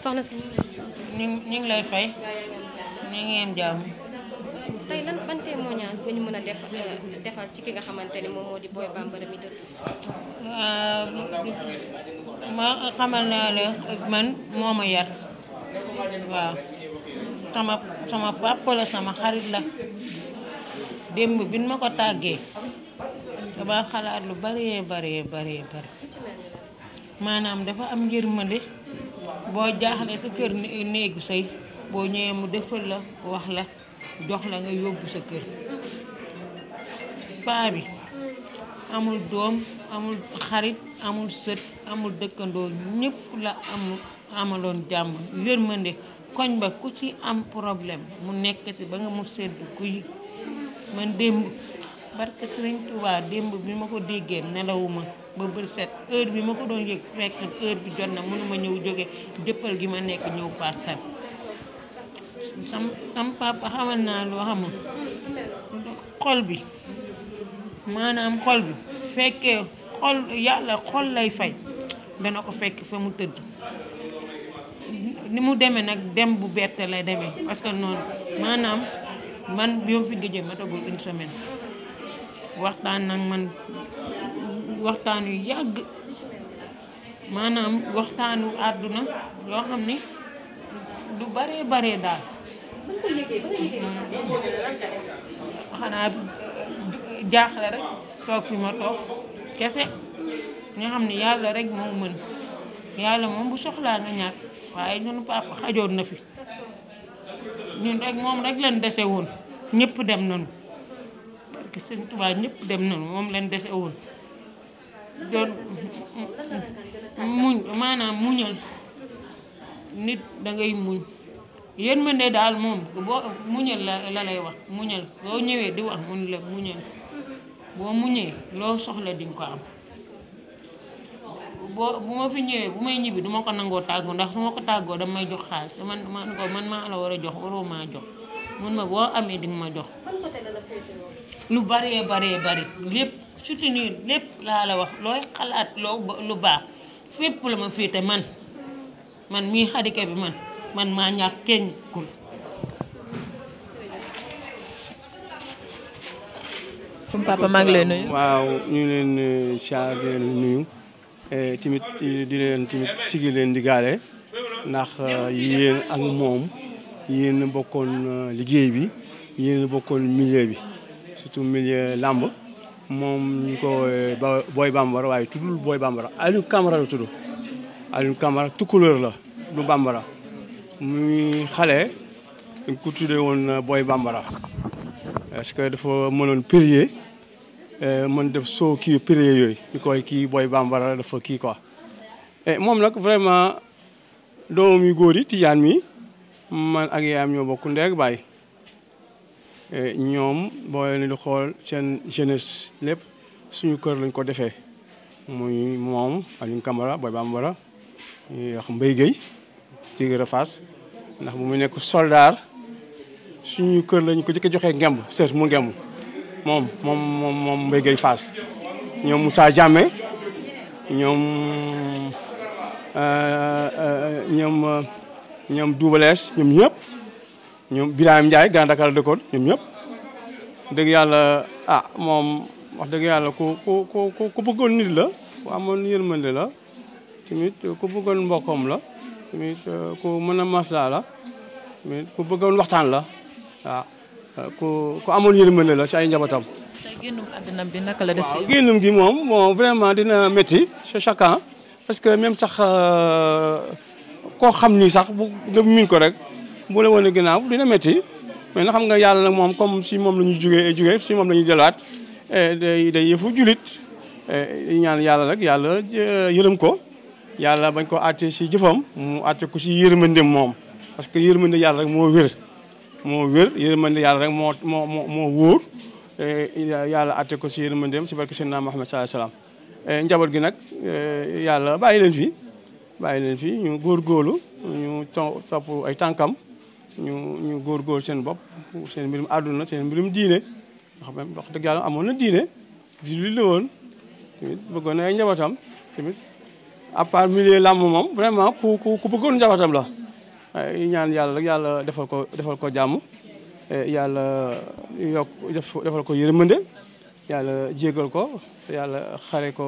soxna si eh? ñu ngi lay fay ñu jam am jàmm lan ban témoignage nga ñu mën def defal ci ki nga xamante ni moom Boy Bambara mi dëkk euh, ma xamal la man yar waaw sama sama papa la sama xarit la démb bin ma ko tàggee xalaat lu bare bare bare bare maanaam dafa am njërmande boo jaaxlee sa kër néegu sëy boo ñëwee mu defal la wax la jox la nga yóbbu sa kër paa bi amul doom amul xarit amul sët amul dëkkandoo ñëpp la amul amaloon jàmm yërmande koñ ba ku ci am problème mu nekk ci ba nga mu sedd kuy man démb barke Sëriñ Tuubaa démb bi ma ko déggee nelawuma ba bët set heure bi ma ko doon yëg fekk heure bi jot na mënuma ñëw jóge jëppal gi ma nekk ñëw Parcelles sam sam papa xamal naa loo xamul xol bi maanaam xol bi fekkee xol yàlla xol lay fay dana ko fekk fa mu tëdd ni mu demee nag dem bu bett lay demee parce que noonu maanaam man bi ma fi gëjee ma tagul une semaine waxtaan nag man waxtaan yu yàgg maanaam waxtaanu àdduna yoo xam ne du baree baree daal mm. xanaa jaaxle rek toog fi ma toog kese nga xam ne yàlla rek moo mën yàlla moom bu soxlaa nga ñàkk waaye ñun papa xajoon na fi ñun rek moom rek leen dese woon ñëpp dem nañu parce que sëñ Tuubaa ñëpp dem nañu moom leen dese woon doon muñ mana muñal nit da ngay muñ yërmande daal moom boo muñal la lay wax muñal boo ñëwee di wax mun la muñal boo muñee loo soxla di ko am boo bu ma fi ñëwee bu may ñibbi duma ko nangoo tàggu ndax su ma ko tàggoo dama may jox xaalis man man ko man maa la war a jox waroo maa jox mun ma boo amee di ma jox lu baree baree bari lépp soutenir lépp laa la wax looy xalaat loo lu baax fépp la ma féete man man mii xadika bi man man maa ñaax kenn kul papa maa lay nuyu. waaw ñu leen siyaar di leen nuyu eh, tamit di leen tamit sigi leen di gaale ndax eh, yéen ak moom yéen bokkoon eh, liggéey bi yéen bokkoon milieu bi surtout milieu làmb moom ko eh, Boy Bambara way tudul Boy Bambara Aliou Camara la tudd Aliou Camara couleur la du Bambara muy xalé ku tudé won eh, Boy Bambara Est-ce que dafa mënoon prier eh, mën def so ki prier yoy ni koy ki Boy Bambara dafa ki quoi et mom nag vraiment doomam yu góor mi man ak yam ñoo bokk ndeeg bàyyi Eh, ñoom boo leen di xool seen jeunesse lépp suñu kër lañ ko defee muy moom Aliou Camara Boy Bambara ñuy eh, wax Mbaye Guèye Tigre Fass ndax bu mu nekk soldaar suñu kër lañ ko jëkk joxee ngemb sër mu ngemb moom moom moom moom Mbaye ñoom Moussa Diamé ñoom eh, ñoom ñoom ñoom ñëpp ñoom Birame Ndiaye Grand Dakar la dëkkoon ñoom ñëpp dëgg yàlla ah moom wax dëgg yàlla ku ku ku ku bëggoon nit la ku amoon yërmande la tamit ku bëggoon mbokkoom la tamit euh, ku mën a maslaa la tamit ku bëggoon waxtaan la waaw ah, euh, ku ku amoon yërmande la si ay njabootam. tey génnum gi moom bon vraiment dina métti chez chacun parce que même sax euh, koo xam ni sax bu nga miin ko rek. bu la woon ginnaaw dina métti mais na xam nga yàlla nag moom comme si moom lañuy jugee jugee si moom la ñu jëlaat eh, day day yëfu julit eh, ñaan yàlla rek yàlla eh, yërëm ko yàlla bañ ko àtte si jëfam mu àtte ko si yërmandem moom parce que yërmande yàlla rek moo wér moo wér yërmande yàlla rek moo moo moo moo wóor yàlla àtte ko si yërmandem si barke Seydina Muhammad sallallahu alayhi wasallam njaboot gi nag yàlla bàyyi leen fi bàyyi leen fi ñu góorlu ñu topp ay tànkam ñu góor góor seen bopp seen mbirum àdduna seen mbirum diine nga xam ne wax dëgg yàlla amoon na diine jullit la woon bëggoon na ay njabootam tamit à part làmb moom vraiment ku ku ku bëggoon njabootam la ñaan yàlla rek yàlla defal ko defal ko jàmm yàlla yokk defal ko yërmande yàlla jégal ko yàlla xare ko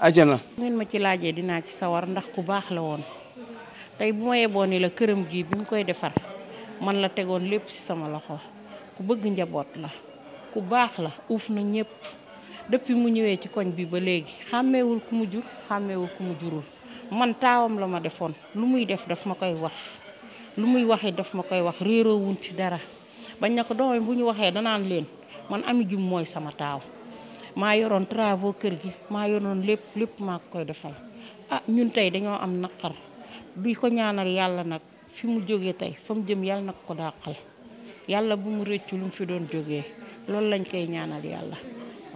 ajana ngeen ma ci laajee dinaa ci sawar ndax ku baax la woon tey bu ma yeboo ni la këram gi bi mu koy defar man la tegoon lépp ci sama loxo ku bëgg njaboot la ku baax la uuf na ñëpp depuis mu ñëwee ci koñ bi ba léegi xàmmeewul ku mu jur xàmmewul ku mu jurul man taawam la ma defoon lu muy def daf ma koy wax lu muy waxee daf ma koy wax réeroowuñ ci dara bañ na ko doom bu ñu waxee danaan leen man ami jum mooy sama taaw maa yoroon travaux kër gi maa yoroon lépp lépp maa koy defal ah ñun tey dañoo am naqar bi ko ñaanal yàlla nag fi mu jógee tey fa mu jëm yàlla nag ko dàqal yàlla bu mu rëccu lu mu fi doon jógee loolu lañ koy ñaanal yàlla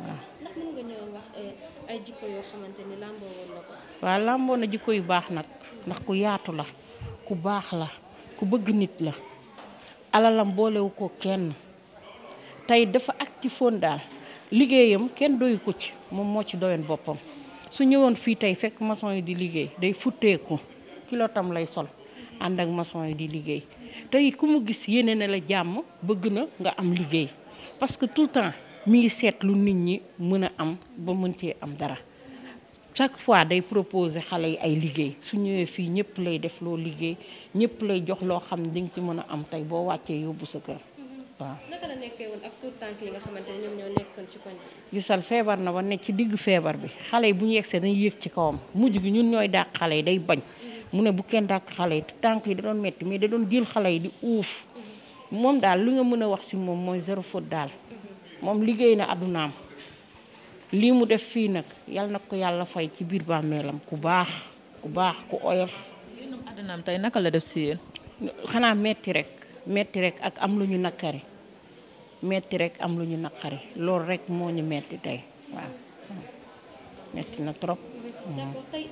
waaw. ndax mën eh, jikko yu baax nag ndax ku yaatu la ku baax la ku bëgg nit la alalam boolewu ko kenn tey dafa actifoon daal liggéeyam kenn doyu ko ci moom moo ci doyoon boppam su ñëwoon fii tey fekk maçon yi di liggéey day futteeku. kilotam lay sol ànd ak mason yi di liggéey tey ku mu gis yéene ne la jàmm bëgg na nga am liggéey parce que tout le temps mi ngi seet lu nit ñi mën a am ba mën cee am dara chaque fois day proposer xale yi ay liggéey su ñëwee fii ñëpp lay def loo liggéey ñëpp lay jox loo xam ne dinga ci mën a am tey boo wàccee yóbbu sa kër waaw mm-hmm. gisal feebar na ba ne ci diggu feebar bi xale yi bu ñu yegsee dañuy yéeg ci kawam mujj gi ñun ñooy dàq xale yi day bañ mu ne bu kenn dàq xale yi tànk yi da doon metti mais da doon jël xale yi di uuf moom daal li nga mën a wax si moom mooy zéro foot daal moom liggéey na àddunaam lii mu def fii nag yal nag ko yàlla fay ci biir bàmmeelam ku baax ku baax ku oyof. génnum tey naka la def si xanaa metti rek metti rek ak am lu ñu nakkari metti rek am lu ñu naqari loolu rek moo ñu metti tey waaw metti na trop. d'accord euh,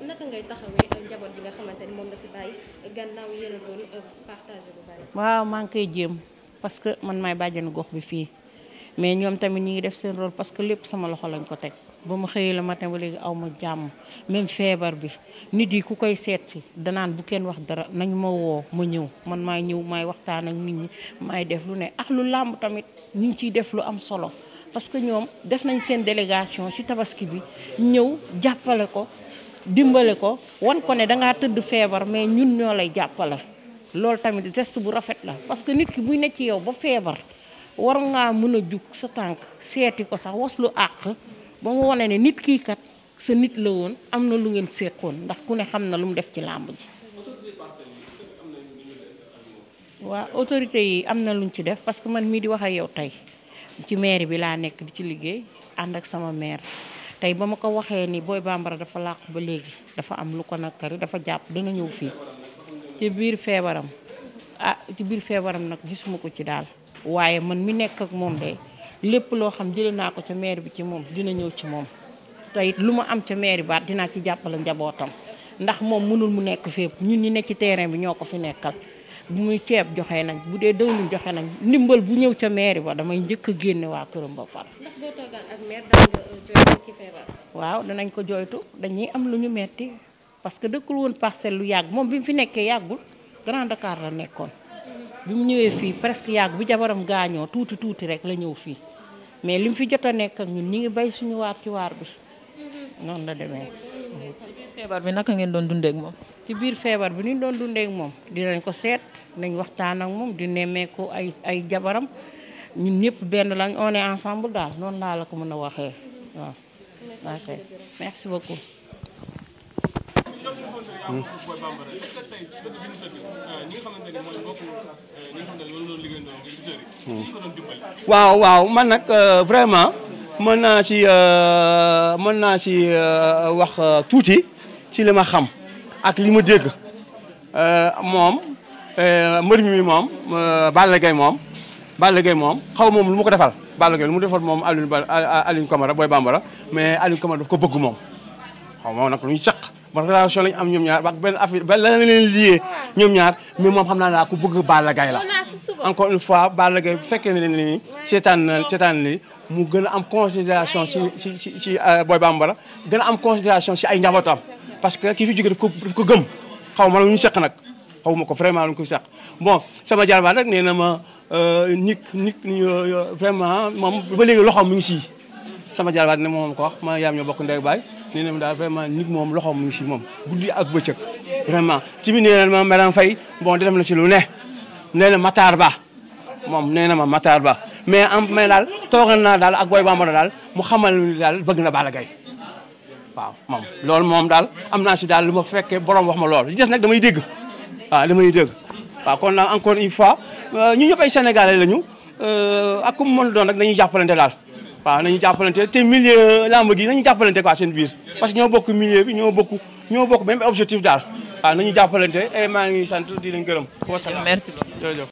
euh, waaw maa ngi koy jéem parce que man maay bàjjanu gox bi fii mais ñoom tamit ñi ngi def seen rol parce que lépp sama loxo lañ ko teg ba ma xëyee le matin ba léegi aw ma jàmm même feebar bi nit yi ku koy seet si danaan bu kenn wax dara nañ ma woo ma ñëw man maay ñëw maay waxtaan ak nit ñi maay def lu ne ax lu làmb tamit ñu ngi ciy def lu am solo parce que ñoom def nañ seen délégation ci tabaski bi ñëw jàppale ko dimbalé ko wan ko né da nga teud fièvre mais ñun ñolay jappalé lool tamit test bu rafet la parce que nit ki muy ne ci yow ba fièvre war nga mëna juk sa tank séti ko sax waslu ak ba mu woné né nit ki kat sa nit la won am lu ngeen séqoon ndax ku né xamna lu mu def ci lamb ji waa autorité yi am luñ ci def parce que man mi di wax ak yow tay ci maire bi la nek di ci liggéey and ak sama maire tey ba ma ko waxee ni booy bambara dafa làqu ba léegi dafa am lu ko nakari dafa jàpp dana ñëw fii ci biir feebaram ah ci biir feebaram nag gisuma ko ci daal waaye man mi nekk ak moom de lépp loo xam jëlee naa ko ca maire bi ci moom dina ñëw ci moom te lu ma am ca maire baat dinaa ci jàppale njabootam ndax moom mënul mu nekk fépp ñun ñi nekk ci terrain bi ñoo ko fi nekkal bu muy ceeb joxee nañ bu dee dëwlin joxe nag ndimbal bu ñëw ca meeri ba damay njëkk a génne waa këram ba euh, waaw danañ ko jooytu dañuy am lu ñu metti parce que dëkkul woon parcelle lu yàgg moom bi mu fi nekkee yàggul Grand Dakar la nekkoon. bi mu ñëwee fii presque yàgg bu jabaram gaañoo tuuti tuuti rek la ñëw fii mais li mu fi jot a nekk ak ñun ñu ngi bay suñu waar ci waar bi mm-hmm. noonu la demee. feebar bi naka ngeen doon dundee moom. ci biir feebar bi ñu doon dundee ak moom dinañ ko seet nañ waxtaan ak moom di nemmeeku ay ay jabaram ñun ñëpp benn lañ on est ensemble daal noonu laa la ko mën a waxee waaw. ok merci beaucoup. waaw waaw man nag euh, vraiment mën naa ci euh, mën naa ci euh, wax tuuti ci li ma xam. ak lii ma dégg euh, moom euh, mbër mi euh, moom Balla Gaye moom Balla moom xaw moom lu mu ko defal Balla Gaye lu mu defal moom Alioune Ba Alioune Camara Boy Bambara mais Alioune Camara daf ko bëgg moom xaw moom nag lu ñu saq ba relation lañu am ñoom ñaar benn affaire ba la leen lié ñoom ñaar mais moom xam naa daa ku bëgg Balla Gaye la encore une fois balagay bu fekkee ne leen ni seetaan seetaan li mu gën a am considération si si si si Boy Bambara gën a am considération si ay njabootam parce que kii fi jóge daf ko daf ko gëm xaw ma lu ñu seq nag xaw ma ko vraiment lu ñu ko bon sama jaar nag nee na ma euh, nit euh, vraiment moom ba léegi loxoom ngi si sama jarbaat ne moom ko wax ma yaam ñoo baay nee na ma daal vraiment nit moom loxoom mi ngi si moom guddi ak bëccëg vraiment ci bi ma Maram Faye bon di dem na si lu ne nee na Matar Ba moom nee na ma Matar Ba mais am mais daal toogal naa daal ak booy bambara daal mu xamal ni daal bëgg na Balla waaw moom loolu moom daal am naa si daal lu ma fekkee borom wax ma lool li des nag damay dégg waaw damay dégg waaw kon nag encore une fois euh, ñu ñëpp ay sénégalais lañu euh, ak ku mu mën doon nag nañuy jàppalante daal waaw nañu jàppalante te milieu lamb gi nañu jàppalante quoi seen biir parce que ñoo bokk milieu bi ñoo bokk ñoo bokk même objectif daal waaw nañu jàppalante eh, maa ngi sant di leen gërëm. wasalaam